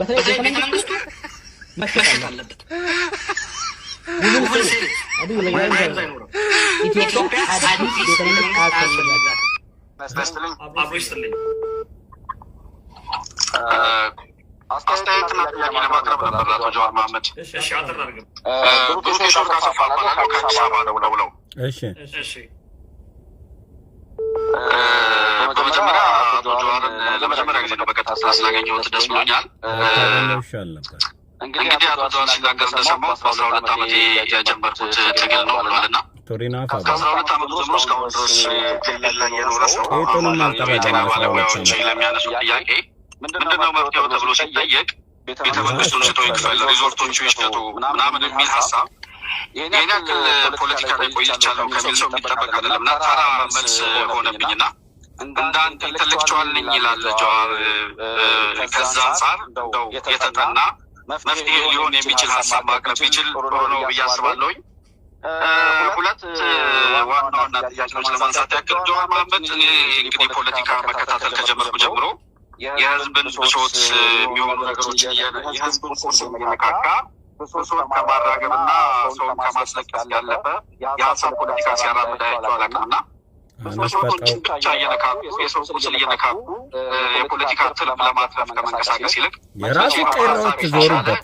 በተለይ ቤተ መንግስቱ መሸጥ አለበት። ኢትዮጵያ አዲስ ቤተ መንግስት አስተያየትና ጥያቄ ለማቅረብ ነበር አቶ ጀዋር መሀመድ። ብሩኬ ካሰፋ ከአዲስ አበባ ደውለው ለመጀመሪያ ጊዜ ነው በቀጥታ ስላገኘሁት ደስ ብሎኛል። እንግዲህ አቶ ጀዋር ሲናገር እንደሰማሁ በአስራ ሁለት ዓመቴ የጀመርኩት ትግል ነው ብሏል እና ከአስራ ሁለት ዓመቱ ጀምሮ እስካሁን ድረስ ትግል ላይ የኖረ ሰው የጤና ባለሙያዎች ለሚያነሱ ጥያቄ ምንድነው መፍትሄው ተብሎ ሲጠየቅ ቤተ መንግስቱን ስቶ ይክፈል፣ ሪዞርቶቹ ይሸጡ ምናምን የሚል ሀሳብ ይህን ያክል ፖለቲካ ላይ ቆይቻለሁ ከሚል ሰው የሚጠበቅ አይደለም እና ታራ መልስ ሆነብኝና እንዳንድ ኢንተሌክቹዋል ነኝ ይላል ጀዋር። ከዛ አንጻር እንደው የተጠና መፍትሄ ሊሆን የሚችል ሀሳብ ማቅረብ ቢችል ጥሩ ነው ብዬ አስባለሁኝ። ሁለት ዋና ዋና ጥያቄዎች ለማንሳት ያክል ጀዋር መሀመድ እኔ እንግዲህ ፖለቲካ መከታተል ከጀመርኩ ጀምሮ የህዝብን ብሶት የሚሆኑ ነገሮች የህዝብን ቁስ የሚነካካ ብሶት ከማራገብ እና ሰውን ከማስለቀስ ያለፈ የሀሳብ ፖለቲካ ሲያራምድ አይቼዋለሁ እና መስፈርቶችን ብቻ እየነካኩ የሰው ቁስል እየነካኩ የፖለቲካ ትርፍ ለማትረፍ ከመንቀሳቀስ ይልቅ የራሱ ጤናዎች ዞሩበት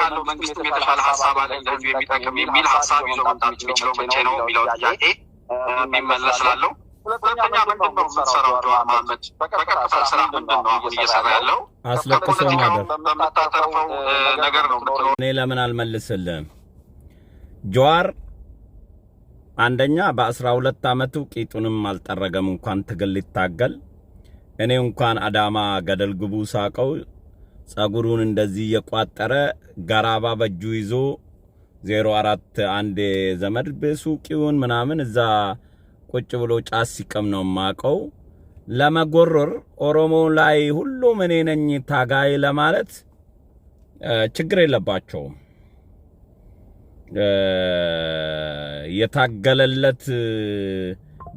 ካለው መንግስት የተሻለ ሀሳብ አለ ለህዝብ የሚጠቅም የሚል ሀሳብ ይዞ መምጣት የሚችለው መቼ ነው የሚለው ጥያቄ የሚመለስ ሁለተኛ ምንድን ነው የምትሰራው? ጀዋር መሀመድ በቀጥታ ስራ ምንድን ነው አሁን እየሰራ ያለው? ከፖለቲካው በምታተርፈው ነገር ነው። ምትለው? እኔ ለምን አልመልስልም ጀዋር አንደኛ በአስራ ሁለት ዓመቱ ቂጡንም አልጠረገም። እንኳን ትግል ሊታገል እኔ እንኳን አዳማ ገደል ግቡ ሳቀው ጸጉሩን እንደዚህ እየቋጠረ ገራባ በእጁ ይዞ ዜሮ አራት አንድ ዘመድ በሱቂውን ምናምን እዛ ቁጭ ብሎ ጫስ ሲቀም ነው ማቀው ለመጎረር ኦሮሞ ላይ ሁሉም እኔ ነኝ ታጋይ ለማለት ችግር የለባቸውም። የታገለለት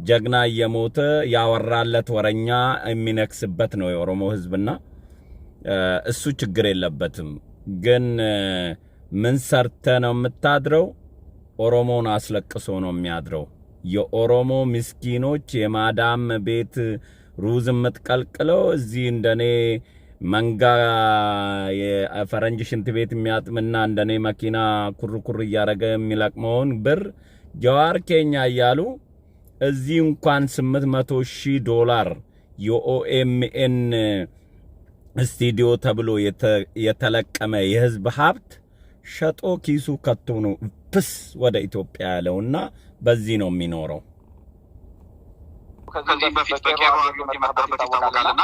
ጀግና እየሞተ ያወራለት ወረኛ የሚነክስበት ነው የኦሮሞ ህዝብና እሱ ችግር የለበትም። ግን ምን ሰርተ ነው የምታድረው? ኦሮሞን አስለቅሶ ነው የሚያድረው። የኦሮሞ ምስኪኖች የማዳም ቤት ሩዝ የምትቀልቅለው እዚህ እንደኔ መንጋ የፈረንጅ ሽንት ቤት የሚያጥምና እንደኔ መኪና ኩርኩር እያደረገ የሚለቅመውን ብር ጀዋር ኬኛ እያሉ እዚህ እንኳን 800 ሺህ ዶላር የኦኤምኤን ስቱዲዮ ተብሎ የተለቀመ የህዝብ ሀብት ሸጦ ኪሱ ከቶ ነው ፕስ ወደ ኢትዮጵያ ያለውና በዚህ ነው የሚኖረው። ከዚህ በፊት በቄሮ አብዮት ይታወቃልና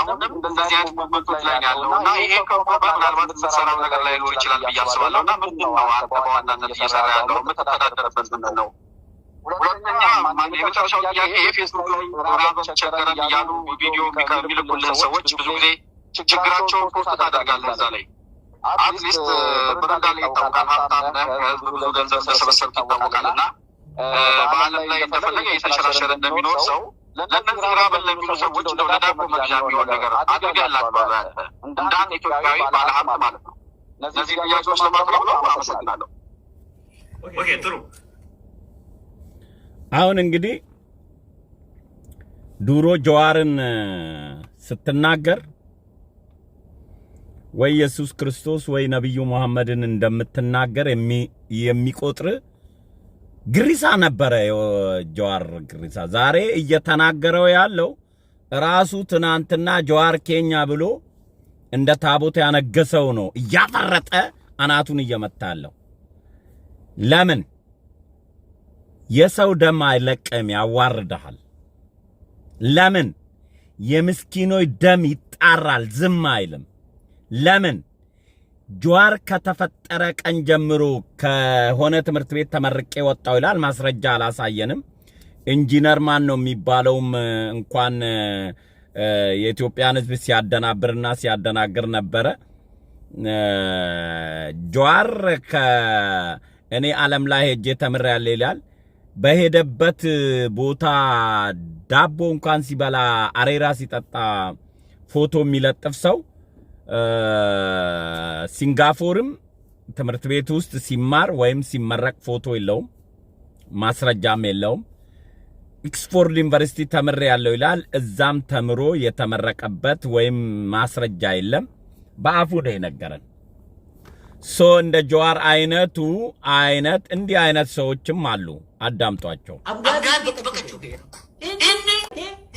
አሁንም እንደዚህ አይነት መቶች ላይ ያለው እና ይሄ ከሆነ ምናልባት የምትሰራው ነገር ላይ ኖር ይችላል ብዬ አስባለሁ። እና ምንድን ነው አንተ በዋናነት እየሰራ ያለው የምትተዳደርበት ምንድን ነው? ሁለተኛ የመጨረሻው ጥያቄ የፌስቡክ ላይ ራብ ቸገረን እያሉ ቪዲዮ የሚልኩልን ሰዎች ብዙ ጊዜ ችግራቸውን ፖስት ታደርጋለህ እዛ ላይ አትሊስት በረዳ ላይ ይታወቃል። ሀብታም ነህ፣ ከህዝብ ብዙ ገንዘብ እንደሰበሰብክ ይታወቃል። እና በአለም ላይ እንደፈለገ የተሸራሸረ እንደሚኖር ሰው ለእነዚህ ራበል ለሚሉ ሰዎች እንደው ለዳቦ መግዣ የሚሆን ነገር እንደ አንድ ኢትዮጵያዊ ባለሀብት ማለት ነው። እነዚህ ጥያቄዎች ለማቅረብ ነው። አመሰግናለሁ። ጥሩ። አሁን እንግዲህ ድሮ ጀዋርን ስትናገር ወይ ኢየሱስ ክርስቶስ ወይ ነቢዩ መሐመድን እንደምትናገር የሚቆጥር ግሪሳ ነበረ ጀዋር ግሪሳ። ዛሬ እየተናገረው ያለው ራሱ ትናንትና ጀዋር ኬኛ ብሎ እንደ ታቦት ያነገሰው ነው። እያፈረጠ አናቱን እየመታለው። ለምን የሰው ደም አይለቅም? ያዋርድሃል። ለምን የምስኪኖች ደም ይጣራል? ዝም አይልም። ለምን ጀዋር ከተፈጠረ ቀን ጀምሮ ከሆነ ትምህርት ቤት ተመርቄ ወጣው ይላል። ማስረጃ አላሳየንም። ኢንጂነር ማን ነው የሚባለውም እንኳን የኢትዮጵያን ሕዝብ ሲያደናብርና ሲያደናግር ነበረ። ጀዋር ከእኔ ዓለም ላይ ሄጄ ተምሬያለሁ ይላል። በሄደበት ቦታ ዳቦ እንኳን ሲበላ አሬራ ሲጠጣ ፎቶ የሚለጥፍ ሰው ሲንጋፎርም ትምህርት ቤት ውስጥ ሲማር ወይም ሲመረቅ ፎቶ የለውም፣ ማስረጃም የለውም። ኦክስፎርድ ዩኒቨርሲቲ ተምር ያለው ይላል። እዛም ተምሮ የተመረቀበት ወይም ማስረጃ የለም። በአፉ ነው የነገረን። ሶ እንደ ጀዋር አይነቱ አይነት እንዲህ አይነት ሰዎችም አሉ። አዳምጧቸው።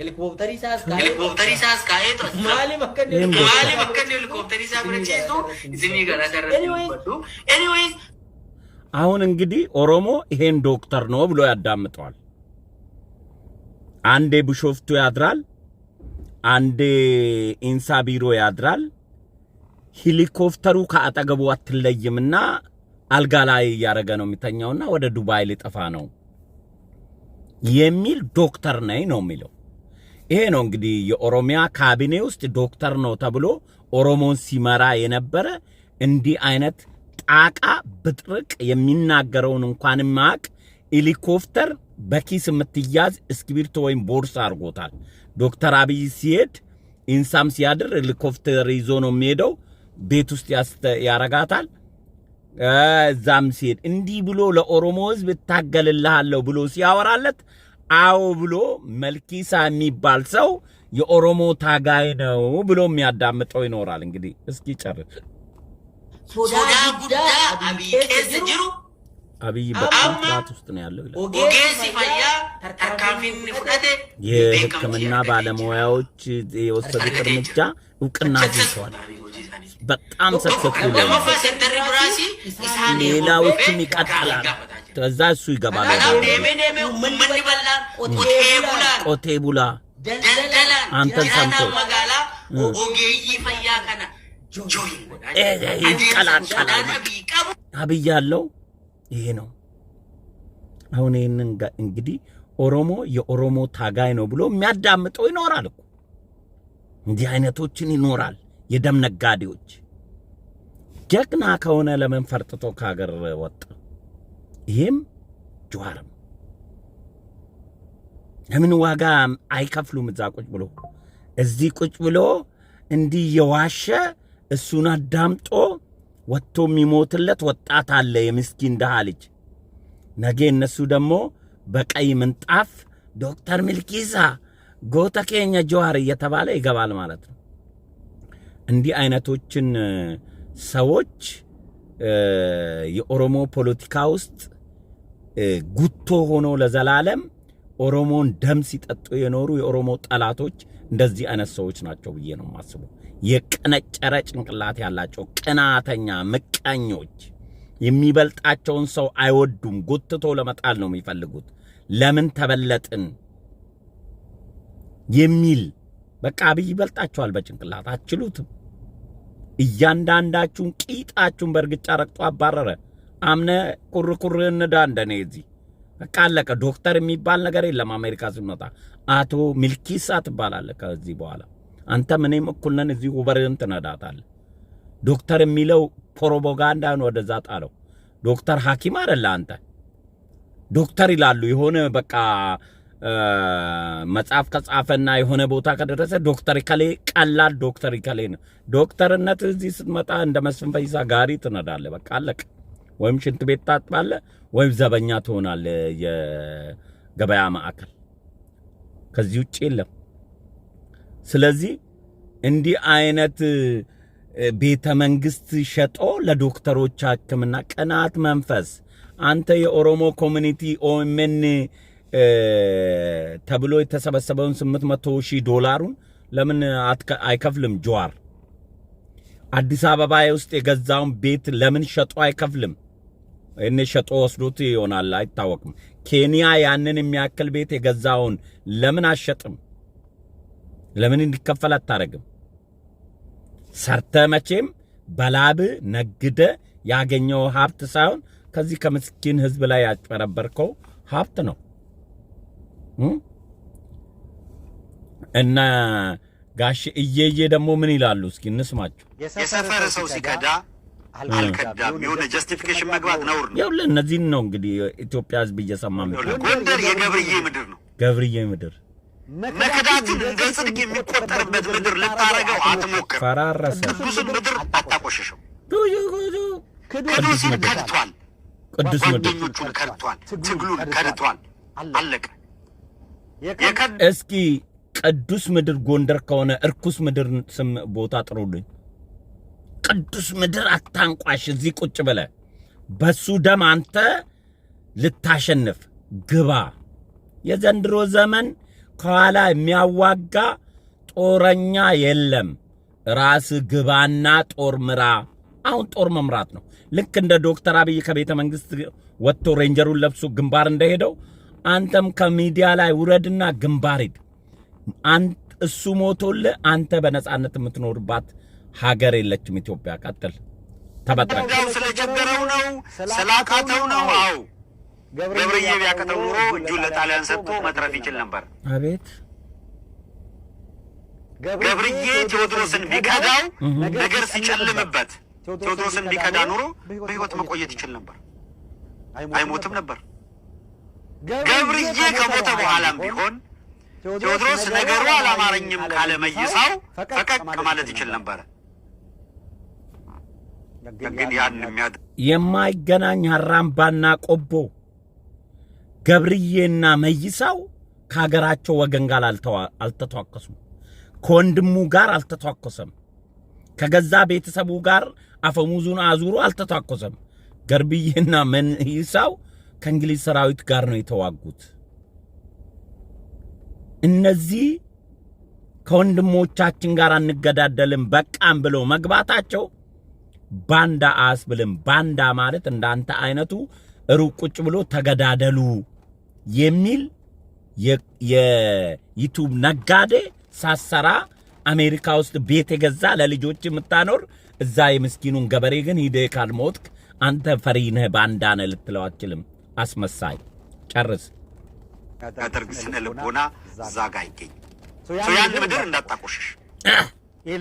helikooftarisaa as kaa'ee ማሊ አሁን እንግዲህ ኦሮሞ ይሄን ዶክተር ነው ብሎ ያዳምጠዋል። አንዴ ብሾፍቱ ያድራል፣ አንዴ ኢንሳ ቢሮ ያድራል። ሄሊኮፕተሩ ከአጠገቡ አትለይምና አልጋ ላይ እያደረገ ነው የሚተኛውና ወደ ዱባይ ሊጠፋ ነው የሚል ዶክተር ነኝ ነው የሚለው። ይሄ ነው እንግዲህ የኦሮሚያ ካቢኔ ውስጥ ዶክተር ነው ተብሎ ኦሮሞን ሲመራ የነበረ እንዲህ አይነት ጣቃ ብጥርቅ የሚናገረውን እንኳን ማቅ ሄሊኮፕተር በኪስ የምትያዝ እስክሪብቶ ወይም ቦርሳ አድርጎታል። ዶክተር አብይ ሲሄድ ኢንሳም ሲያድር ሄሊኮፕተር ይዞ ነው የሚሄደው። ቤት ውስጥ ያረጋታል። እዛም ሲሄድ እንዲህ ብሎ ለኦሮሞ ህዝብ እታገልልሃለሁ ብሎ ሲያወራለት አዎ ብሎ መልኪሳ የሚባል ሰው የኦሮሞ ታጋይ ነው ብሎ የሚያዳምጠው ይኖራል። እንግዲህ እስኪ ጨርስ። አብይ ቄስ ውስጥ ነው ያለው ይላል። የሕክምና ባለሙያዎች የወሰዱት እርምጃ እውቅና አግኝተዋል። በጣም ሰክሰስፉል ሌላዎችም ይቀጥላል። እዛ እሱ ይገባል። ቆቴ ቡላ አንተን ሰምቶ ይቀላቀላል። አብይ ያለው ይሄ ነው። አሁን ይህንን እንግዲህ ኦሮሞ የኦሮሞ ታጋይ ነው ብሎ የሚያዳምጠው ይኖራል እኮ እንዲህ አይነቶችን ይኖራል። የደም ነጋዴዎች ጀግና ከሆነ ለምን ፈርጥቶ ከሀገር ወጣ? ይህም ጀዋርም ለምን ዋጋ አይከፍሉም? እዛ ቁጭ ብሎ እዚህ ቁጭ ብሎ እንዲህ የዋሸ እሱን አዳምጦ ወጥቶ የሚሞትለት ወጣት አለ፣ የምስኪን ድሃ ልጅ። ነገ እነሱ ደግሞ በቀይ ምንጣፍ ዶክተር ሚልኪዛ ጎተኬኛ ኬኛ እየተባለ ይገባል ማለት ነው። እንዲህ አይነቶችን ሰዎች የኦሮሞ ፖለቲካ ውስጥ ጉቶ ሆኖ ለዘላለም ኦሮሞን ደም ሲጠጡ የኖሩ የኦሮሞ ጠላቶች እንደዚህ አይነት ሰዎች ናቸው ብዬ ነው የማስበው። የቀነጨረ ጭንቅላት ያላቸው ቅናተኛ ምቀኞች፣ የሚበልጣቸውን ሰው አይወዱም። ጎትቶ ለመጣል ነው የሚፈልጉት። ለምን ተበለጥን የሚል በቃ አብይ ይበልጣቸዋል በጭንቅላት አችሉትም። እያንዳንዳችሁን ቂጣችሁን በእርግጫ ረግጦ አባረረ። አምነ ቁርቁር እንዳ እንደኔ እዚህ በቃ አለቀ። ዶክተር የሚባል ነገር የለም። አሜሪካ ስንወጣ አቶ ሚልኪሳ ትባላለህ። ከዚህ በኋላ አንተ ምንም እኩል ነን። እዚህ ውበርህን ትነዳታለህ። ዶክተር የሚለው ፕሮፓጋንዳን ወደዛ ጣለው። ዶክተር ሐኪም አደለ አንተ ዶክተር ይላሉ። የሆነ በቃ መጽሐፍ ከጻፈና የሆነ ቦታ ከደረሰ ዶክተር ከሌ ቀላል ዶክተር ከሌ ነው። ዶክተርነት እዚህ ስትመጣ እንደ መስፍን ፈይሳ ጋሪ ትነዳለህ። በቃ አለቀ። ወይም ሽንት ቤት ታጥባለ ወይም ዘበኛ ትሆናለ የገበያ ማዕከል። ከዚህ ውጭ የለም። ስለዚህ እንዲህ አይነት ቤተ መንግስት ሸጦ ለዶክተሮች ሕክምና ቅናት መንፈስ አንተ የኦሮሞ ኮሚኒቲ ኦምን ተብሎ የተሰበሰበውን 800 ሺህ ዶላሩን ለምን አይከፍልም? ጀዋር አዲስ አበባ ውስጥ የገዛውን ቤት ለምን ሸጦ አይከፍልም? እኔ ሸጦ ወስዱት ይሆናል አይታወቅም። ኬንያ ያንን የሚያክል ቤት የገዛውን ለምን አሸጥም? ለምን እንዲከፈል አታረግም? ሰርተ መቼም በላብ ነግደ ያገኘው ሀብት ሳይሆን ከዚህ ከምስኪን ህዝብ ላይ ያጭበረበርከው ሀብት ነው እና ጋሽ እየዬ ደግሞ ምን ይላሉ? እስኪ እንስማቸው። የሰፈረ ሰው ሲከዳ አልከዳም የሆነ ጀስቲፊኬሽን መግባት ነውር ነው። ይኸውልህ እነዚህን ነው እንግዲህ ኢትዮጵያ ህዝብ እየሰማ ጎንደር የገብርዬ ምድር ነው። ገብርዬ ምድር መክዳቱን እንደ ጽድቅ የሚቆጠርበት ምድር ልታረገው አትሞክር። ፈራረሰ። ቅዱስን ምድር አታቆሸሸው። ቅዱስን ከድቷል። ቅዱስ ከድቷል። ትግሉን ከድቷል። አለቀ። እስኪ ቅዱስ ምድር ጎንደር ከሆነ እርኩስ ምድር ስም ቦታ ጥሩልኝ። ቅዱስ ምድር አታንቋሽ። እዚህ ቁጭ ብለ በሱ ደም አንተ ልታሸንፍ ግባ። የዘንድሮ ዘመን ከኋላ የሚያዋጋ ጦረኛ የለም። ራስ ግባና ጦር ምራ። አሁን ጦር መምራት ነው። ልክ እንደ ዶክተር አብይ ከቤተ መንግስት ወጥቶ ሬንጀሩን ለብሶ ግንባር እንደሄደው አንተም ከሚዲያ ላይ ውረድና ግንባር ሂድ። እሱ ሞቶልህ አንተ በነጻነት የምትኖርባት ሀገር የለችም ኢትዮጵያ። ቀጥል። ተበጥረ ስለጀገረው ነው ስላካተው ነው። አዎ ገብርዬ ቢያቀተው ኑሮ እጁን ለጣሊያን ሰጥቶ መትረፍ ይችል ነበር። አቤት ገብርዬ ቴዎድሮስን ቢከዳው ነገር ሲጨልምበት ቴዎድሮስን ቢከዳ ኑሮ በህይወት መቆየት ይችል ነበር፣ አይሞትም ነበር። ገብርዬ ከሞተ በኋላም ቢሆን ቴዎድሮስ ነገሩ አላማረኝም ካለመይሳው ፈቀቅ ማለት ይችል ነበር። የማይገናኝ አራምባና ቆቦ ገብርዬና መይሳው ከሀገራቸው ወገን ጋር አልተቷከሱም። ከወንድሙ ጋር አልተቷኮሰም። ከገዛ ቤተሰቡ ጋር አፈሙዙን አዙሮ አልተቷኮሰም። ገርብዬና መይሳው ከእንግሊዝ ሰራዊት ጋር ነው የተዋጉት። እነዚህ ከወንድሞቻችን ጋር አንገዳደልም በቃም ብለው መግባታቸው ባንዳ አያስብልም። ባንዳ ማለት እንዳንተ አይነቱ ሩቅ ቁጭ ብሎ ተገዳደሉ የሚል የዩቱብ ነጋዴ ሳሰራ አሜሪካ ውስጥ ቤት የገዛ ለልጆች የምታኖር እዛ የምስኪኑን ገበሬ ግን ሂደ ካልሞትክ አንተ ፈሪ ነህ፣ ባንዳ ነህ ልትለው አትችልም። አስመሳይ ጨርስ። ያደርግ ስነ ልቦና እዛ ጋ ይገኝ ያን ምድር እንዳታቆሽሽ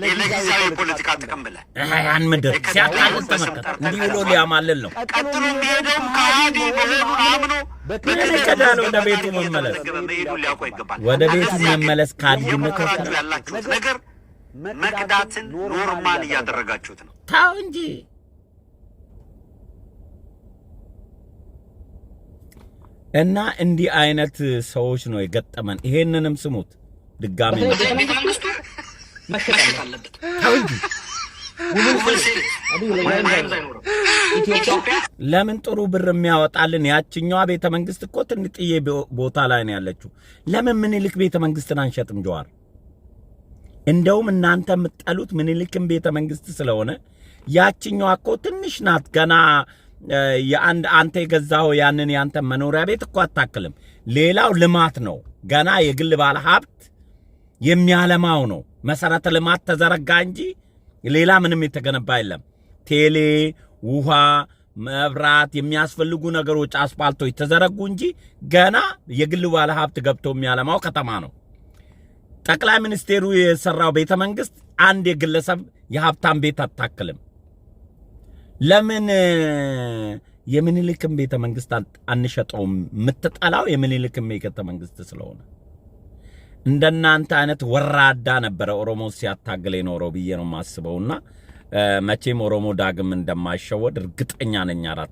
ለጊዜያዊ የፖለቲካ ጥቅም ብለህ ያን ምድር ሲያቃሉ ተመልከት። እንዲህ ብሎ ሊያማልል ነው። ቀጥሎ የሚሄደውም ከሃዲ መሆኑን አምኖ በቀዳ ወደ ቤቱ መመለስ መሄዱን ሊያውቁ ወደ ቤቱ መመለስ ከሃዲነት ያላችሁት ነገር መቅዳትን ኖርማል እያደረጋችሁት ነው። ታው እንጂ እና እንዲህ አይነት ሰዎች ነው የገጠመን። ይሄንንም ስሙት ድጋሜ ለምን ጥሩ ብር የሚያወጣልን ያችኛዋ ቤተ መንግስት እኮ ትንጥዬ ቦታ ላይ ነው ያለችው። ለምን ምኒልክ ቤተ መንግስትን አንሸጥም? ጀዋር እንደውም እናንተ የምትጠሉት ምኒልክን ቤተ መንግስት ስለሆነ ያችኛዋ እኮ ትንሽ ናት። ገና የአንድ አንተ የገዛኸው ያንን ያንተ መኖሪያ ቤት እኮ አታክልም። ሌላው ልማት ነው። ገና የግል ባለ ሀብት የሚያለማው ነው። መሰረተ ልማት ተዘረጋ እንጂ ሌላ ምንም የተገነባ የለም። ቴሌ፣ ውሃ፣ መብራት የሚያስፈልጉ ነገሮች፣ አስፓልቶች ተዘረጉ እንጂ ገና የግል ባለ ሀብት ገብቶ የሚያለማው ከተማ ነው። ጠቅላይ ሚኒስቴሩ የሰራው ቤተ መንግስት አንድ የግለሰብ የሀብታም ቤት አታክልም። ለምን የምኒልክን ቤተ መንግስት አንሸጠውም? የምትጠላው የምኒልክን ቤተ መንግስት ስለሆነ እንደናንተ አይነት ወራዳ ነበረ ኦሮሞ ሲያታግል የኖረው ብዬ ነው የማስበውና መቼም ኦሮሞ ዳግም እንደማይሸወድ እርግጠኛ ነኝ። አራት